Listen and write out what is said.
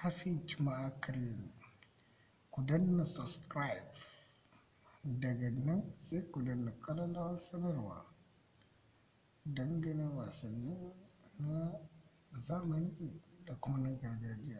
Hafiz Makari. Ku danna subscribe daga nan sai ku danna ƙararrawar sanarwa dangane wasanni na zamani da kuma na gargajiya.